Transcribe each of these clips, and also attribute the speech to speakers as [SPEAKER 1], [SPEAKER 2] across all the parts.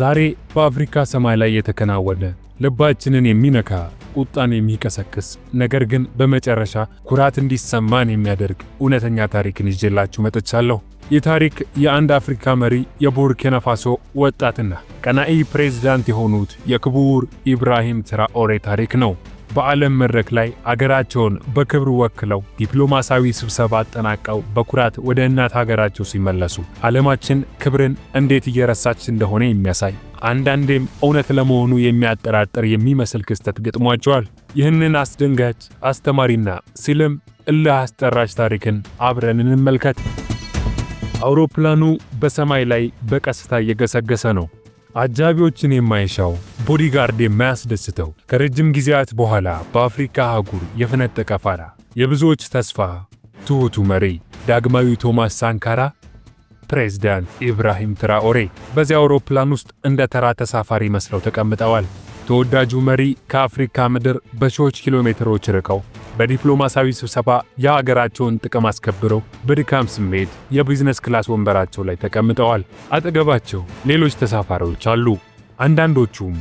[SPEAKER 1] ዛሬ በአፍሪካ ሰማይ ላይ የተከናወነ ልባችንን የሚነካ ቁጣን የሚቀሰቅስ ነገር ግን በመጨረሻ ኩራት እንዲሰማን የሚያደርግ እውነተኛ ታሪክን ይዤላችሁ መጥቻለሁ። ይህ ታሪክ የአንድ አፍሪካ መሪ የቡርኪና ፋሶ ወጣትና ቀናኢ ፕሬዝዳንት የሆኑት የክቡር ኢብራሂም ትራኦሬ ታሪክ ነው። በዓለም መድረክ ላይ አገራቸውን በክብር ወክለው ዲፕሎማሲያዊ ስብሰባ አጠናቀው በኩራት ወደ እናት ሀገራቸው ሲመለሱ ዓለማችን ክብርን እንዴት እየረሳች እንደሆነ የሚያሳይ አንዳንዴም እውነት ለመሆኑ የሚያጠራጥር የሚመስል ክስተት ገጥሟቸዋል። ይህንን አስደንጋጭ አስተማሪና ሲልም እልህ አስጠራሽ ታሪክን አብረን እንመልከት። አውሮፕላኑ በሰማይ ላይ በቀስታ እየገሰገሰ ነው። አጃቢዎችን የማይሻው ቦዲጋርድ የማያስደስተው ከረጅም ጊዜያት በኋላ በአፍሪካ አህጉር የፈነጠቀ ፋራ የብዙዎች ተስፋ ትሑቱ መሪ ዳግማዊ ቶማስ ሳንካራ ፕሬዝዳንት ኢብራሂም ትራኦሬ በዚያ አውሮፕላን ውስጥ እንደ ተራ ተሳፋሪ መስለው ተቀምጠዋል። ተወዳጁ መሪ ከአፍሪካ ምድር በሺዎች ኪሎ ሜትሮች ርቀው በዲፕሎማሲያዊ ስብሰባ የሀገራቸውን ጥቅም አስከብረው በድካም ስሜት የቢዝነስ ክላስ ወንበራቸው ላይ ተቀምጠዋል። አጠገባቸው ሌሎች ተሳፋሪዎች አሉ። አንዳንዶቹም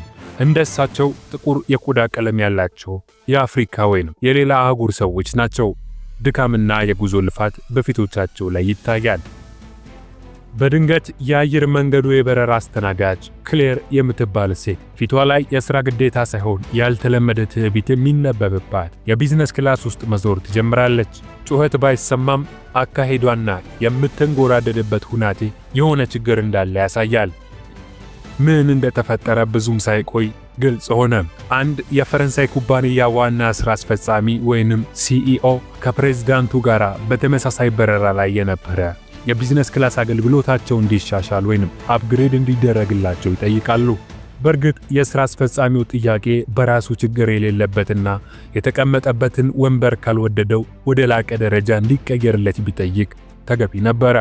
[SPEAKER 1] እንደ እሳቸው ጥቁር የቆዳ ቀለም ያላቸው የአፍሪካ ወይም የሌላ አህጉር ሰዎች ናቸው። ድካምና የጉዞ ልፋት በፊቶቻቸው ላይ ይታያል። በድንገት የአየር መንገዱ የበረራ አስተናጋጅ ክሌር የምትባል ሴት ፊቷ ላይ የሥራ ግዴታ ሳይሆን ያልተለመደ ትዕቢት የሚነበብባት የቢዝነስ ክላስ ውስጥ መዞር ትጀምራለች። ጩኸት ባይሰማም አካሄዷና የምትንጎራደድበት ሁናቴ የሆነ ችግር እንዳለ ያሳያል። ምን እንደተፈጠረ ብዙም ሳይቆይ ግልጽ ሆነ። አንድ የፈረንሳይ ኩባንያ ዋና ሥራ አስፈጻሚ ወይንም ሲኢኦ ከፕሬዝዳንቱ ጋር በተመሳሳይ በረራ ላይ የነበረ የቢዝነስ ክላስ አገልግሎታቸው እንዲሻሻል ወይንም አፕግሬድ እንዲደረግላቸው ይጠይቃሉ። በእርግጥ የሥራ አስፈጻሚው ጥያቄ በራሱ ችግር የሌለበትና የተቀመጠበትን ወንበር ካልወደደው ወደ ላቀ ደረጃ እንዲቀየርለት ቢጠይቅ ተገቢ ነበረ።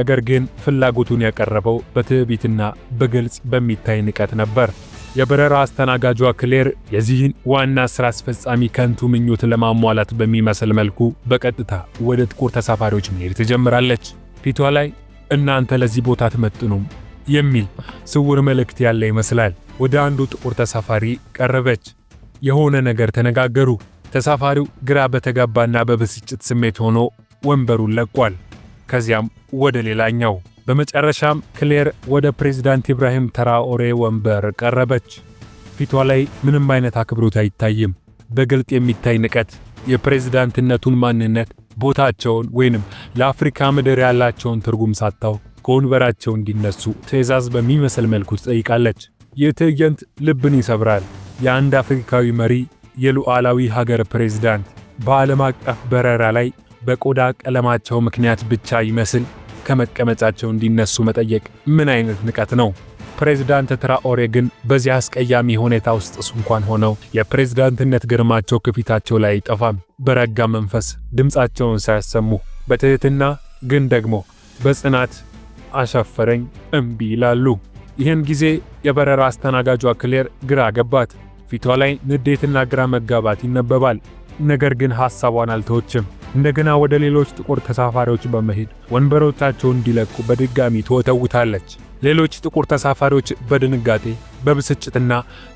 [SPEAKER 1] ነገር ግን ፍላጎቱን ያቀረበው በትዕቢትና በግልጽ በሚታይ ንቀት ነበር። የበረራ አስተናጋጇ ክሌር የዚህን ዋና ሥራ አስፈጻሚ ከንቱ ምኞት ለማሟላት በሚመስል መልኩ በቀጥታ ወደ ጥቁር ተሳፋሪዎች መሄድ ትጀምራለች። ፊቷ ላይ እናንተ ለዚህ ቦታ አትመጥኑም የሚል ስውር መልእክት ያለ ይመስላል። ወደ አንዱ ጥቁር ተሳፋሪ ቀረበች። የሆነ ነገር ተነጋገሩ። ተሳፋሪው ግራ በተጋባና በብስጭት ስሜት ሆኖ ወንበሩን ለቋል። ከዚያም ወደ ሌላኛው። በመጨረሻም ክሌር ወደ ፕሬዝዳንት ኢብራሂም ተራኦሬ ወንበር ቀረበች። ፊቷ ላይ ምንም አይነት አክብሮት አይታይም። በግልጥ የሚታይ ንቀት የፕሬዝዳንትነቱን ማንነት ቦታቸውን ወይንም ለአፍሪካ ምድር ያላቸውን ትርጉም ሳታው ከወንበራቸው እንዲነሱ ትዕዛዝ በሚመስል መልኩ ትጠይቃለች። ይህ ትዕይንት ልብን ይሰብራል። የአንድ አፍሪካዊ መሪ የሉዓላዊ ሀገር ፕሬዝዳንት በዓለም አቀፍ በረራ ላይ በቆዳ ቀለማቸው ምክንያት ብቻ ይመስል ከመቀመጫቸው እንዲነሱ መጠየቅ ምን አይነት ንቀት ነው? ፕሬዝዳንት ትራኦሬ ግን በዚህ አስቀያሚ ሁኔታ ውስጥ እንኳን ሆነው የፕሬዝዳንትነት ግርማቸው ከፊታቸው ላይ አይጠፋም። በረጋ መንፈስ ድምፃቸውን ሳያሰሙ በትህትና ግን ደግሞ በጽናት አሻፈረኝ እምቢ ይላሉ። ይህን ጊዜ የበረራ አስተናጋጇ ክሌር ግራ ገባት። ፊቷ ላይ ንዴትና ግራ መጋባት ይነበባል። ነገር ግን ሐሳቧን አልተወችም። እንደገና ወደ ሌሎች ጥቁር ተሳፋሪዎች በመሄድ ወንበሮቻቸውን እንዲለቁ በድጋሚ ትወተውታለች። ሌሎች ጥቁር ተሳፋሪዎች በድንጋጤ በብስጭትና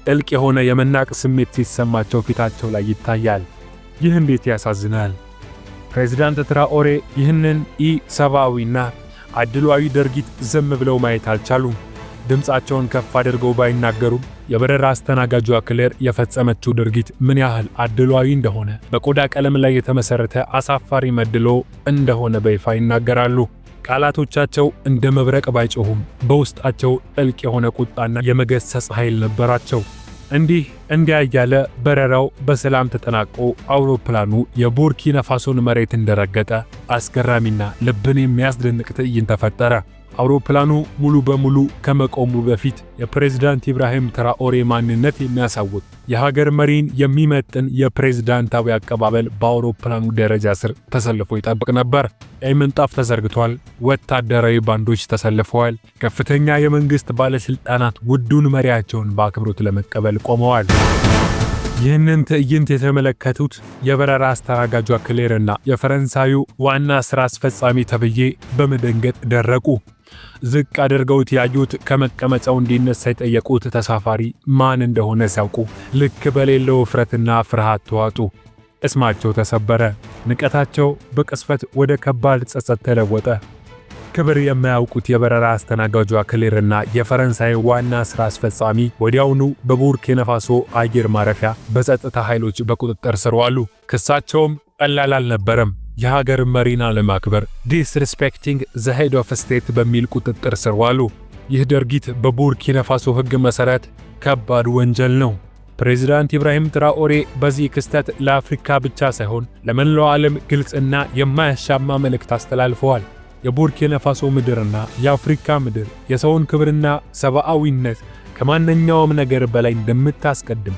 [SPEAKER 1] ጥልቅ የሆነ የመናቅ ስሜት ሲሰማቸው ፊታቸው ላይ ይታያል። ይህ እንዴት ያሳዝናል! ፕሬዚዳንት ትራኦሬ ይህንን ኢሰብአዊና አድሏዊ ድርጊት ዝም ብለው ማየት አልቻሉም። ድምፃቸውን ከፍ አድርገው ባይናገሩም የበረራ አስተናጋጇ ክሌር የፈጸመችው ድርጊት ምን ያህል አድሏዊ እንደሆነ፣ በቆዳ ቀለም ላይ የተመሠረተ አሳፋሪ መድሎ እንደሆነ በይፋ ይናገራሉ። ቃላቶቻቸው እንደ መብረቅ ባይጮሁም በውስጣቸው ጥልቅ የሆነ ቁጣና የመገሰጽ ኃይል ነበራቸው። እንዲህ እንዲያ እያለ በረራው በሰላም ተጠናቆ አውሮፕላኑ የቡርኪና ፋሶን መሬት እንደረገጠ አስገራሚና ልብን የሚያስደንቅ ትዕይንት ተፈጠረ። አውሮፕላኑ ሙሉ በሙሉ ከመቆሙ በፊት የፕሬዝዳንት ኢብራሂም ትራኦሬ ማንነት የሚያሳውቅ የሀገር መሪን የሚመጥን የፕሬዝዳንታዊ አቀባበል በአውሮፕላኑ ደረጃ ስር ተሰልፎ ይጠብቅ ነበር። ቀይ ምንጣፍ ተዘርግቷል። ወታደራዊ ባንዶች ተሰልፈዋል። ከፍተኛ የመንግሥት ባለሥልጣናት ውዱን መሪያቸውን በአክብሮት ለመቀበል ቆመዋል። ይህንን ትዕይንት የተመለከቱት የበረራ አስተናጋጇ ክሌርና የፈረንሳዩ ዋና ሥራ አስፈጻሚ ተብዬ በመደንገጥ ደረቁ። ዝቅ አድርገውት ያዩት ከመቀመጫው እንዲነሳ የጠየቁት ተሳፋሪ ማን እንደሆነ ሲያውቁ ልክ በሌለው ውፍረትና ፍርሃት ተዋጡ። እስማቸው ተሰበረ። ንቀታቸው በቅስፈት ወደ ከባድ ጸጸት ተለወጠ። ክብር የማያውቁት የበረራ አስተናጋጇ ክሌርና የፈረንሳይ ዋና ሥራ አስፈጻሚ ወዲያውኑ በቡርኪና ፋሶ አየር ማረፊያ በጸጥታ ኃይሎች በቁጥጥር ስር ዋሉ። ክሳቸውም ቀላል አልነበረም። የሀገር መሪና ለማክበር ዲስሪስፔክቲንግ ዘ ሄድ ኦፍ ስቴት በሚል ቁጥጥር ስር ዋሉ። ይህ ድርጊት በቡርኪና ፋሶ ሕግ መሠረት ከባድ ወንጀል ነው። ፕሬዚዳንት ኢብራሂም ትራኦሬ በዚህ ክስተት ለአፍሪካ ብቻ ሳይሆን ለመላው ዓለም ግልጽና የማያሻማ መልእክት አስተላልፈዋል። የቡርኪናፋሶ ፋሶ ምድርና የአፍሪካ ምድር የሰውን ክብርና ሰብአዊነት ከማንኛውም ነገር በላይ እንደምታስቀድም፣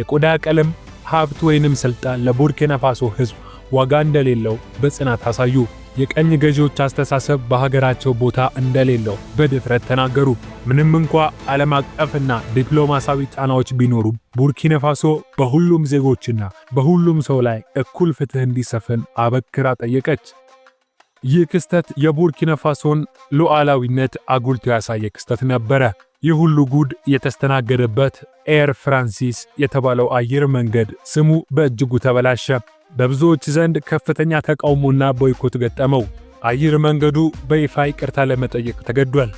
[SPEAKER 1] የቆዳ ቀለም፣ ሀብት ወይንም ስልጣን ለቡርኪና ፋሶ ሕዝብ ዋጋ እንደሌለው በጽናት አሳዩ። የቀኝ ገዢዎች አስተሳሰብ በሀገራቸው ቦታ እንደሌለው በድፍረት ተናገሩ። ምንም እንኳ ዓለም አቀፍና ዲፕሎማሲያዊ ጫናዎች ቢኖሩም ቡርኪናፋሶ በሁሉም ዜጎችና በሁሉም ሰው ላይ እኩል ፍትህ እንዲሰፍን አበክራ ጠየቀች። ይህ ክስተት የቡርኪና ፋሶን ሉዓላዊነት አጉልቶ ያሳየ ክስተት ነበረ። ይህ ሁሉ ጉድ የተስተናገደበት ኤር ፍራንሲስ የተባለው አየር መንገድ ስሙ በእጅጉ ተበላሸ። በብዙዎች ዘንድ ከፍተኛ ተቃውሞና ቦይኮት ገጠመው። አየር መንገዱ በይፋ ይቅርታ ለመጠየቅ ተገዷል።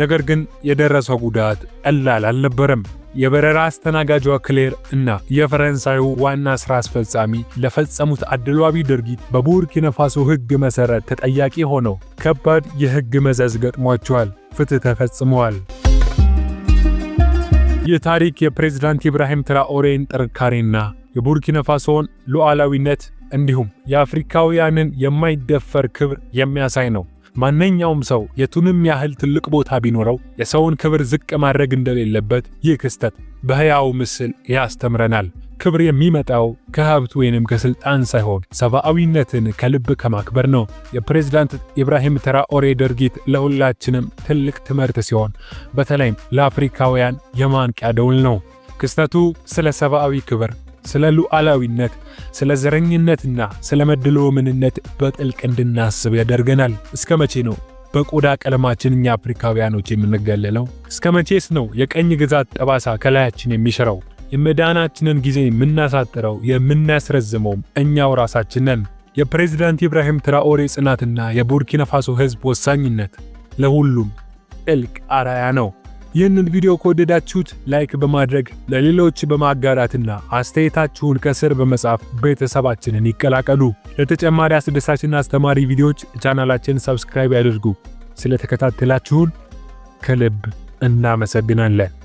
[SPEAKER 1] ነገር ግን የደረሰው ጉዳት ቀላል አልነበረም። የበረራ አስተናጋጇ ክሌር እና የፈረንሳዩ ዋና ሥራ አስፈጻሚ ለፈጸሙት አድሏዊ ድርጊት በቡርኪና ሕግ መሠረት ተጠያቂ ሆነው ከባድ የሕግ መዘዝ ገጥሟቸዋል። ፍትሕ ተፈጽመዋል። ይህ ታሪክ የፕሬዝዳንት ኢብራሂም ትራኦሬን ጥንካሬና የቡርኪና ፋሶን ሉዓላዊነት እንዲሁም የአፍሪካውያንን የማይደፈር ክብር የሚያሳይ ነው። ማንኛውም ሰው የቱንም ያህል ትልቅ ቦታ ቢኖረው የሰውን ክብር ዝቅ ማድረግ እንደሌለበት ይህ ክስተት በሕያው ምስል ያስተምረናል። ክብር የሚመጣው ከሀብት ወይንም ከስልጣን ሳይሆን ሰብአዊነትን ከልብ ከማክበር ነው። የፕሬዝዳንት ኢብራሂም ትራኦሬ ድርጊት ለሁላችንም ትልቅ ትምህርት ሲሆን በተለይም ለአፍሪካውያን የማንቂያ ደውል ነው። ክስተቱ ስለ ሰብአዊ ክብር ስለ ሉዓላዊነት፣ ስለ ዘረኝነትና ስለ መድሎ ምንነት በጥልቅ እንድናስብ ያደርገናል። እስከ መቼ ነው በቆዳ ቀለማችን እኛ አፍሪካውያኖች የምንገለለው? እስከ መቼስ ነው የቀኝ ግዛት ጠባሳ ከላያችን የሚሽረው? የመዳናችንን ጊዜ የምናሳጥረው የምናስረዝመውም እኛው ራሳችን ነን። የፕሬዚዳንት ኢብራሂም ትራኦሬ ጽናትና የቡርኪና ፋሶ ሕዝብ ወሳኝነት ለሁሉም ጥልቅ አርአያ ነው። ይህንን ቪዲዮ ከወደዳችሁት ላይክ በማድረግ ለሌሎች በማጋራትና አስተያየታችሁን ከስር በመጻፍ ቤተሰባችንን ይቀላቀሉ። ለተጨማሪ አስደሳችና አስተማሪ ቪዲዮዎች ቻናላችን ሰብስክራይብ ያድርጉ። ስለተከታተላችሁን ከልብ እናመሰግናለን።